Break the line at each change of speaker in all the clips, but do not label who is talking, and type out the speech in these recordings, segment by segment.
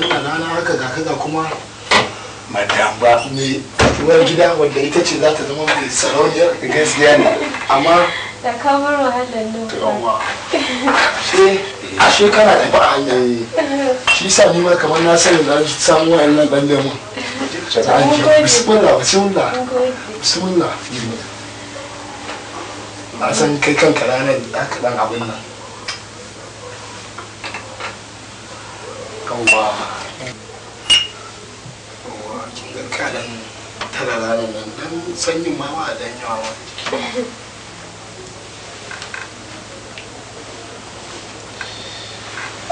wannan rana haka ga kuma madam ba uwar gida wanda ita ce za ta zama mai sarauniyar gaskiya ne amma
da kamar wahalar nufa
ashe kana da ba hanyar shi sa ni ma kamar na sani na samu wa'annan dan lemun bismillah bismillah bismillah a san kai kanka ranar da aka dan abin nan kanwa kin kanan tana ranar nan dan sanyin ma dan yawa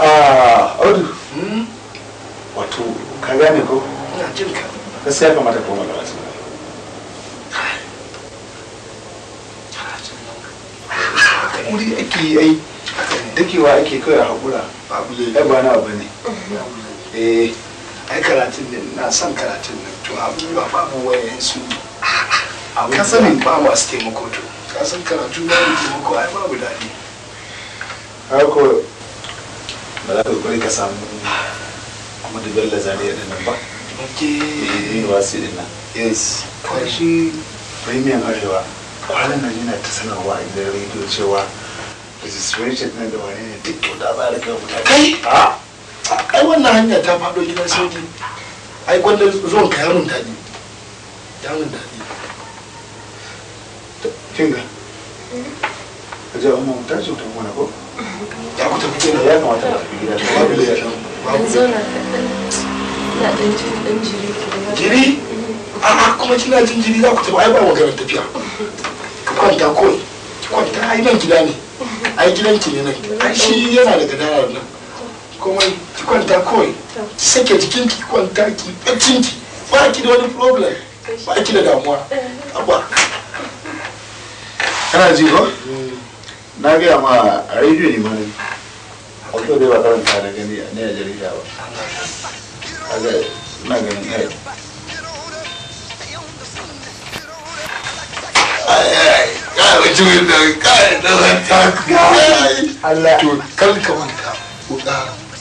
ah odu hmm? wato ka gane ko ina jin ka gaskiya kamata ko magana ce wuri ake yi ai dakewa ake kawai a haƙura ba na abu ne eh ai karatun din na son karatun nan to abubuwa babu wayan su ka sani ba masu taimako to ka san karatu ba mu taimako ai daɗi ko ba za ka ka samu kuma da bella din nan ba ok eh, university din nan yes kwashi premium arewa kwanan nan yana ta sanarwa a gidan rediyo cewa registration din da wani ne duk da ba da kai mutane ah! ai wannan hanya ta faɗo gidan sauki ai gwanda zuwan ka yamin daɗi yamin daɗi kinga a je amma ta ce ta mana ko ya ku tafi kenan ya kamata ta tafi gida ta babu da ya babu
zo na
dan jiri jiri jiri
a kuma kina jin jiri za ku tafi ai ba maganar tafiya ka kwanta kawai ki kwanta ai nan gida ne ai gidanki ne nan ai shi yana daga dalar nan komai ki kwanta kawai sake jikin ki kwanta ki baccin ki ba ki da wani problem ba ki da damuwa eh. abba kana ji ba na gaya ma a rediyo ne ma ne wato dai ba karanta da gani a ne a jarida ba kaga ina ganin eh. kai mutumin da kai da zan
taka
to kalka wanda wuka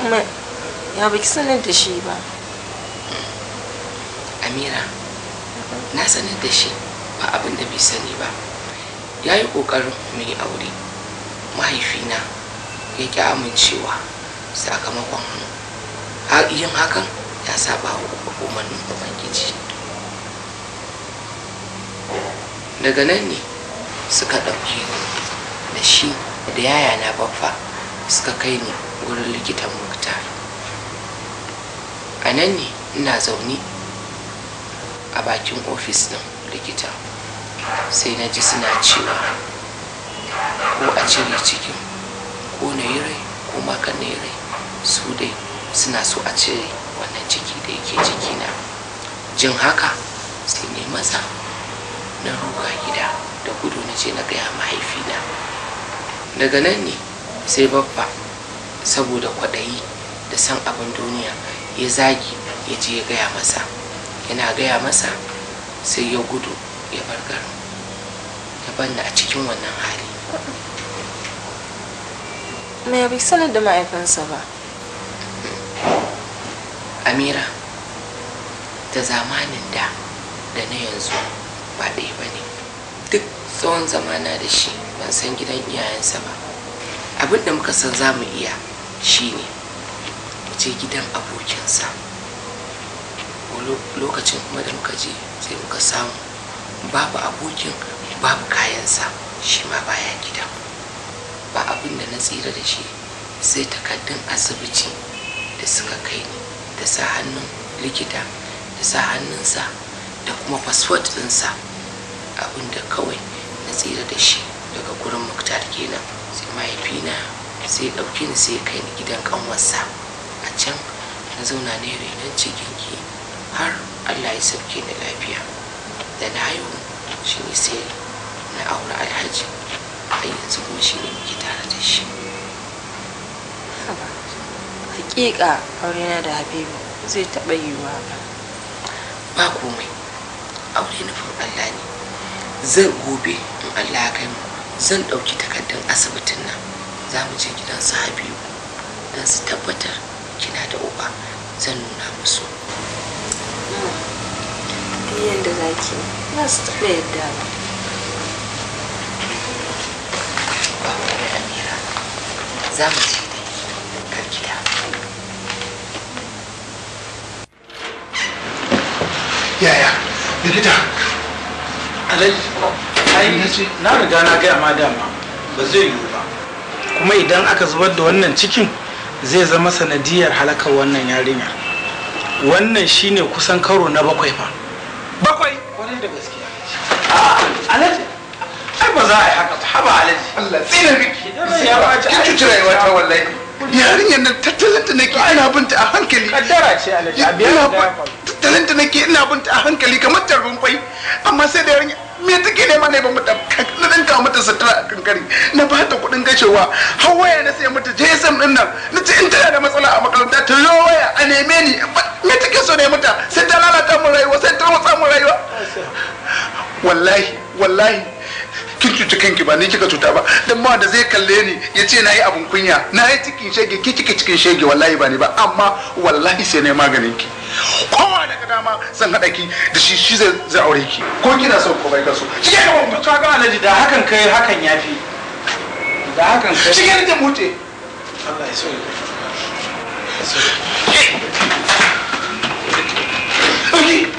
kuma ya baki sanar da shi ba
amira na sanar da shi ba abin da bai sani ba ya yi ƙoƙarin mu yi aure mahaifina ya ƙi amincewa sakamakon yin hakan ya saba wa umarnin ubangiji daga nan ne suka ɗauki da shi da yaya na baffa suka kai ni wurin likitanmu a nan ne ina zaune a bakin ofis ɗin likita sai na ji suna cewa ko a cire cikin ko na yi rai ko maka na yi rai su dai suna so a cire wannan ciki da yake jikina jin haka sai ne maza na ruga gida da gudu na ce na gaya mahaifina daga nan ne sai babba saboda kwaɗayi da san abin duniya ya zagi ya je ya gaya masa yana gaya masa sai ya gudu ya bar garin ya banna a cikin wannan hali
me bai sanar da ma'aikansa ba
amira da zamanin da da na yanzu ba ɗaya ba ne duk tsawon zamana da shi ban san gidan iyayensa ba Abinda muka san za mu iya shine ne je gidan abokinsa lokacin kuma da muka je sai muka samu babu abokin babu kayansa shi ma baya gida ba abin da na tsira da shi sai takardun asibiti da suka kai ni da sa hannun likita da sa hannunsa da kuma fasfot ɗinsa abin da kawai na tsira da shi daga gurin muktar kenan sai mahaifina sai ya ɗauke ni sai ya kai ni gidan ƙanwarsa a can na zauna ne renon ki har allah ya sauke ni lafiya da na haihu shi ne sai na aure alhaji a yanzu kuma shi ne muke tare da shi
hakika na da habibu zai taɓa yiwuwa ba
ba komai aure na allah ne zan gobe in allah ya kai mu zan ɗauki takardun asibitin nan za mu je gidan su habibu don su tabbatar kina da uba zan nuna musu
yadda za ki
na su taɓa yadda
ba ba da amira za mu je dai
yaya likita alai na riga na gaya ma dama ba zai yiwu kuma idan aka zubar da wannan cikin zai zama sanadiyar halakar wannan yarinya wannan shine kusan karo na bakwai fa bakwai wani da gaskiya a alaji ai ba za a yi haka ba haba alaji Allah tsina miki ya ba ki cuci rayuwa ta wallahi yarinyar nan tattalin da nake ina binta a hankali kaddara ce alaji a biya da nake ina binta a hankali kamar tarbin kwai amma sai da yarinya me take nema ne ba mata na dinka mata sutura a kankari na ba ta kuɗin gashewa har waya na sai mata gsm din nan na ce in tana da matsala a makaranta ta yo waya a neme ni me take so ne mata sai ta lalata mun rayuwa sai ta matsa mun rayuwa wallahi wallahi kin cuci kanki ba ni kika cuta ba dan ma da zai kalle ni ya ce na yi abun kunya na yi cikin shege ki kika cikin shege wallahi ba ni ba amma wallahi sai na yi maganin ki kowa daga dama zan haɗa ki da shi shi zai aure ki ko kina so ko bai kaso shi ke gaban mutu ga alaji da hakan kai hakan ya fi da hakan kai shi ke da mute Allah ya so ya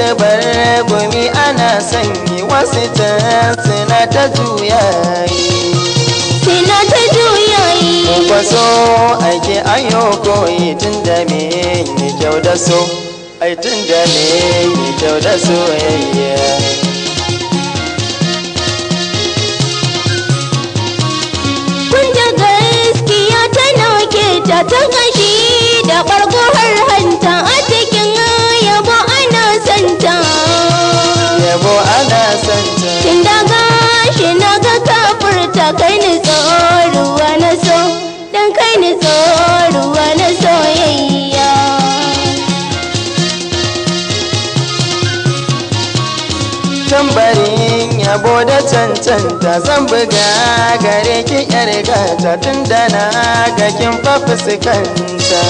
ta bar gumi ana sanyi wasu ta suna ta juyayi suna ta juyayi kwaso ake ayo koyi tun da me yi kyau da so ai tun da me yi kyau da soyayya
ta gaskiya ke ta ta kashi da ɓargo har
cancanta zan buga gare ki yar gata tun da na ga kin fafuskanta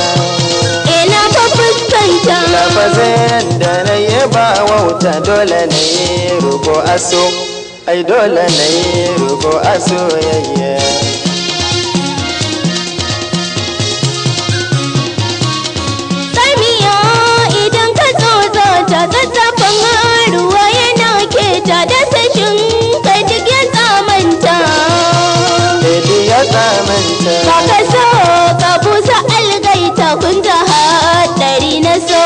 ina fafuskanta lafazin da na yi ba wauta dole ne rubo aso ai dole na yi aso yayye
idan ka ruwa yana keta da tsamanta ka so ka busa algaita kun da haɗari na so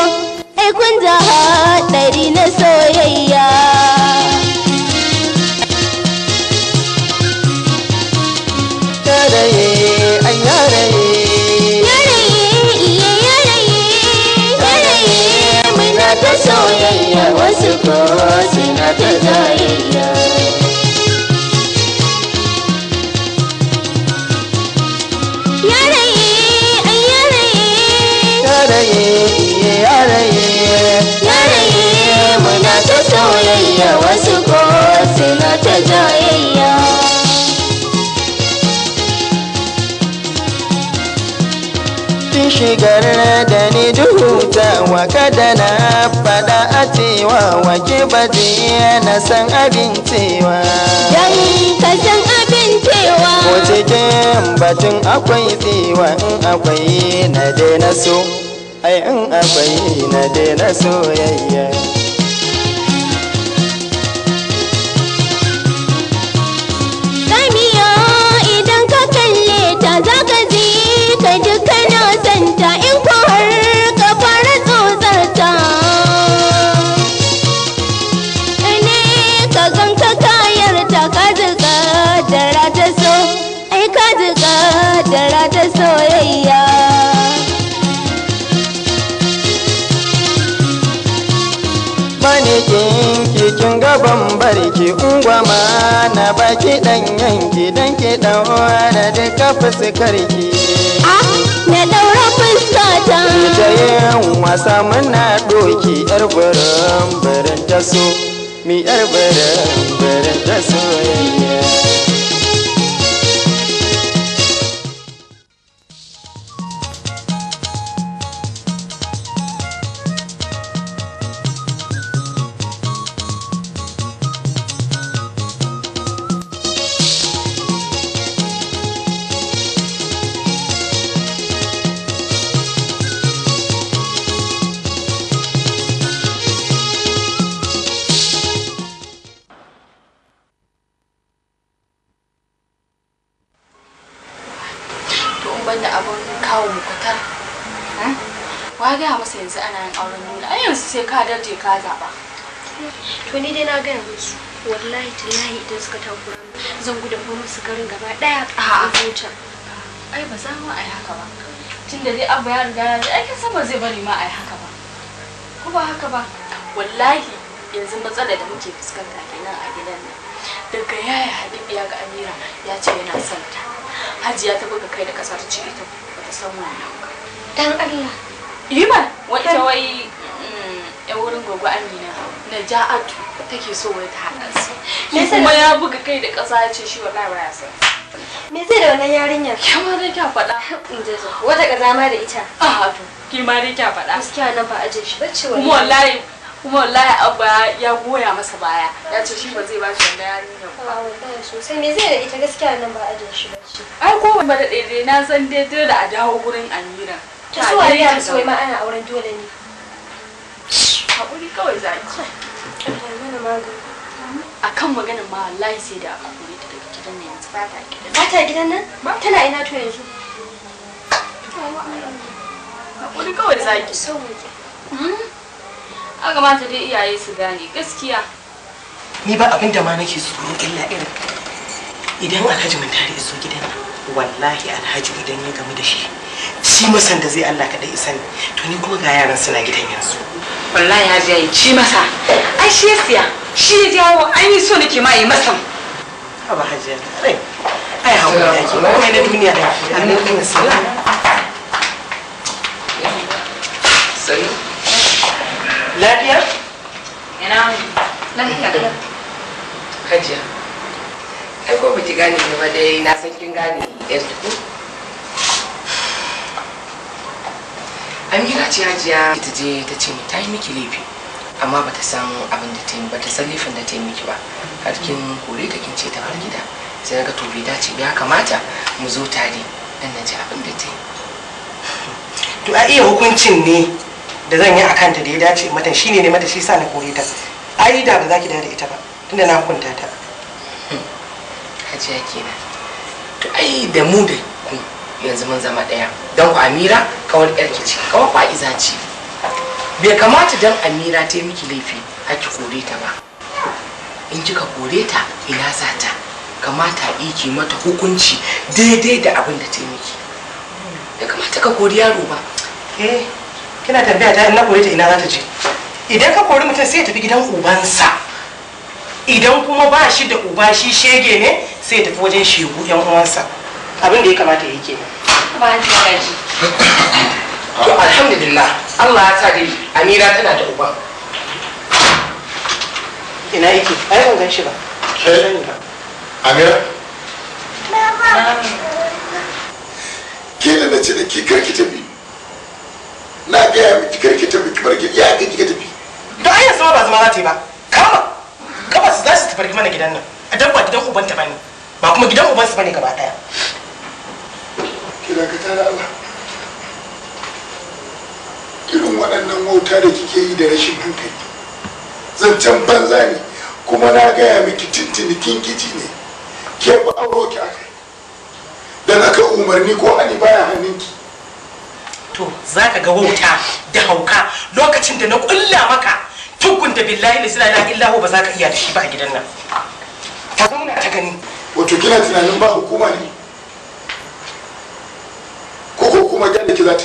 ai eh, kun da haɗari na soyayya
Yaraye, an yaraye Yaraye,
yaraye, soyayya wasu ko suna shigar da ni juhuta wa kada na faɗa a cewa wa kibati na san abin cewa dan ka san abin cewa ko cikin batun akwai cewa in akwai na na so ai in akwai na daina soyayya barki ungwama ma na baki dan yanki dan ki daura da duka fuskarki na daura fuskata ta yin wasa muna doki yar birin birin ta so mi yar birin birin ta so yayya
darje ka zaba. to ni dai na gaya musu wallahi tallahi idan suka takura zan gudu ba musu garin gaba daya a zuciya ai ba za mu ai haka ba tun da dai abu ya riga ya ji aikin sama zai bari ma ai haka ba ko ba haka ba wallahi yanzu matsalar da muke fuskanta kenan a gidan nan daga yaya habibu ya ga amira ya ce yana son ta hajiya ta buga kai da kasar ce ita ba ta san wannan dan Allah yi ba wai wai yan wurin gogo amina na ja'atu take so wai ta haɗa su kuma ya buga kai da ƙasa ya ce shi wallahi baya sa. me zai da wannan yarinyar ke ma dai kya faɗa wata ma da ita a to ke ma dai kya faɗa gaskiya nan ba aje shi bace wallahi kuma wallahi kuma wallahi abba ya goya masa baya ya ce shi ba zai ba shi wannan yarinya ba ah, wallahi sosai me zai da ita gaskiya nan ba aje shi bace ai ko ba da daidai na san daidai da a dawo gurin amira ta so a yi ma ana auren dole ne haƙuri kawai za ki a kan maganin ma wallahi sai da aka kore ta daga gidan nan yanzu ba ta gidan ba ta gidan nan tana ina to yanzu haƙuri kawai za ki a hmm? kamata dai iyaye su gane gaskiya
ni ba abin da ma nake tsoro illa irin idan alhaji mun tare iso gidan nan wallahi alhaji idan ya gamu da shi shi masan da zai Allah kaɗai isa ne to ni kuma ga yaran suna gidan yanzu
wallahi ya je ci masa ai shi ya siya shi ya jawo an yi so nake ma yi masa haba hajiya ai hawa ya ke komai na duniya annabi sallallahu
alaihi lafiya ina lafiya
hajiya ai ko baki gane ne ba dai na san kin gane yanzu ce hajiya ta je ta ce ta yi miki laifi amma ta samu abin da ta yi bata san laifin da ta yi miki ba har kin kore ta kin ce ta bar gida sai ga to bai dace ya kamata mu zo tare dan na ji abin da ta yi
to a iya hukuncin ne da zan yi a kanta da ya dace mata shine ne mata shi sa na kore ta ai da ba za ki da ita ba tunda na hukunta ta hajiya kenan to ai
da mu da ku yanzu mun zama daya don amira kawar yarki ce kawar ba iza ce bai kamata don amira ta yi miki laifi ki kore ta ba in kika kore ta ina za ta kamata iki mata hukunci daidai da abin da ta yi miki
da kamata ka kori yaro ba eh kina tambaya ta na kore ta ina za ta je idan ka kori mutum sai ya tafi gidan ubansa idan kuma ba shi da uba shi shege ne sai ya tafi wajen shegu yan uwansa abin da ya kamata ya yi kenan
bayan magaji
to alhamdulillah Allah ya sa dai Amira tana da uba ina yake ai ban gan shi ba
Amira ke da na ce da ke karki tafi na gaya miki karki tafi ki barki ya ga ki tafi
da ai yanzu ba zama za ta yi ba kama kama su za su tafi mana gidan nan a dabba gidan ubanta bane ba kuma gidan ubansu bane gaba daya
dakata da Allah irin waɗannan wauta da kike yi da rashin hankali zancen banza ne kuma na gaya miki tintini kinkiji ne ke ba auro ki akai dan aka umarni ko ani baya hannunki to za ka ga wauta da hauka lokacin
da na kulla maka tukun da billahi la ilaha illahu ba za ka iya da shi ba a gidan nan ta zauna ta gani
wato kina tunanin ba hukuma ne
hukuma gyara ki za ta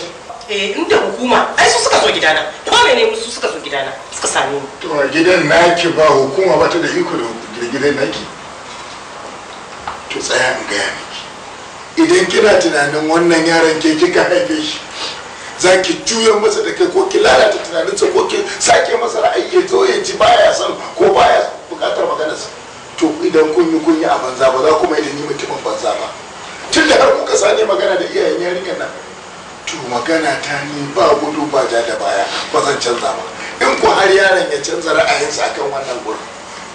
eh inda hukuma ai su suka zo gidana ko ne ne su suka zo gidana
suka same to gidan naki ba hukuma ba ta da iko da gidan naki to tsaya in gaya miki idan kina tunanin wannan yaron ke kika haife shi za ki juya masa da kai ko ki lalata tunaninsa ko ki sake masa ra'ayi ya zo ya ji baya san ko baya bukatar maganarsa to idan kun yi kun yi a banza ba za kuma idan yi mutumin banza ba tun da har kuka sani magana da iyayen yarinyar nan to magana ta ni ba gudu ba ja da baya ba zan canza ba in ko har yaron ya canza ra'ayinsa akan wannan gurin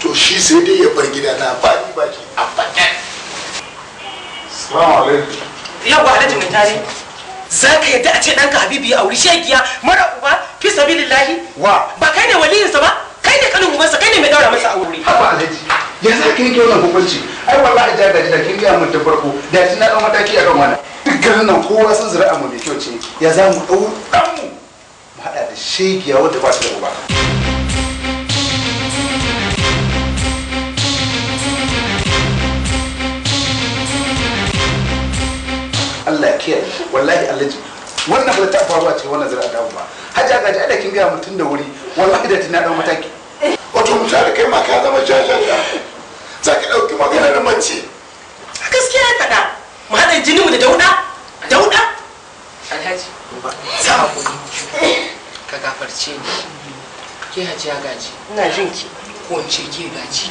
to shi sai dai ya bar gida na ba ni baki a faɗa salamu alaikum yawa alhaji mai
tare za ka yadda a ce ɗanka habibu ya auri shegiya mara uba fi sabilillahi wa ba kai ne sa ba kai ne kanin ubansa kai ne mai daura masa aure
haba alaji ya za yi nike wannan hukunci ai wallahi da da kin ga mun ta farko da na ɗan mataki akan wannan duk nan kowa sun zira amma mai kyau ce ya za mu ɗau ɗanmu mu haɗa da shegiya wadda ba su da uba Allah ya kiyaye wallahi Allah ji wannan ba ta faruwa ce wannan zira da ba hajji aka ji ada kin ga mutun da wuri wallahi da tunan dau mataki wato mutane kai ma ka zama jajjaja za ka dauki da mace
gaskiya ya faɗa mu haɗa jini mu da dauda dauda alhaji za a kuri
ka gafarce ni
ke hajiya gaji ina jin ki ko in ce ke gaji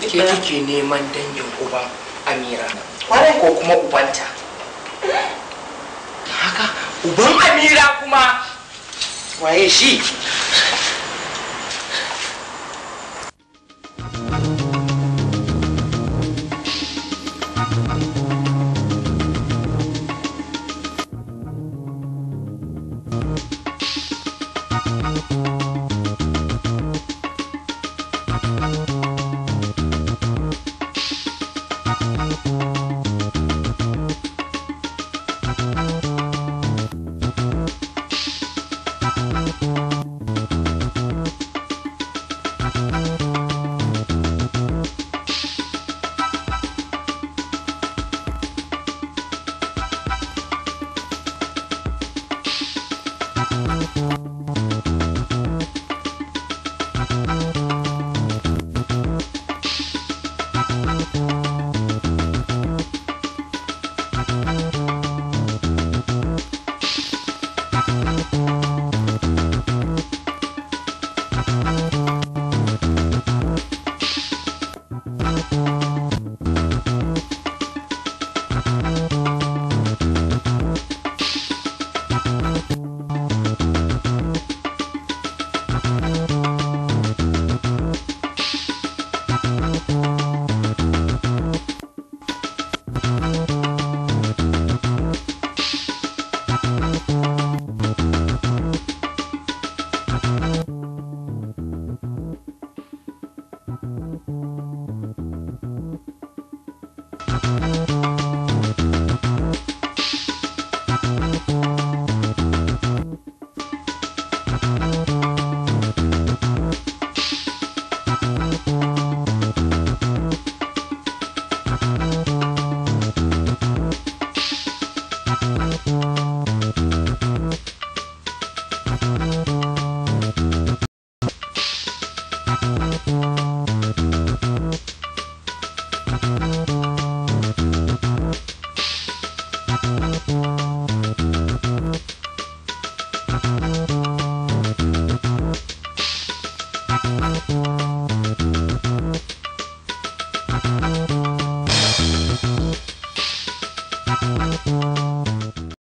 ke
kike neman dangin uba amira ko kuma ubanta haka uban amira kuma waye shi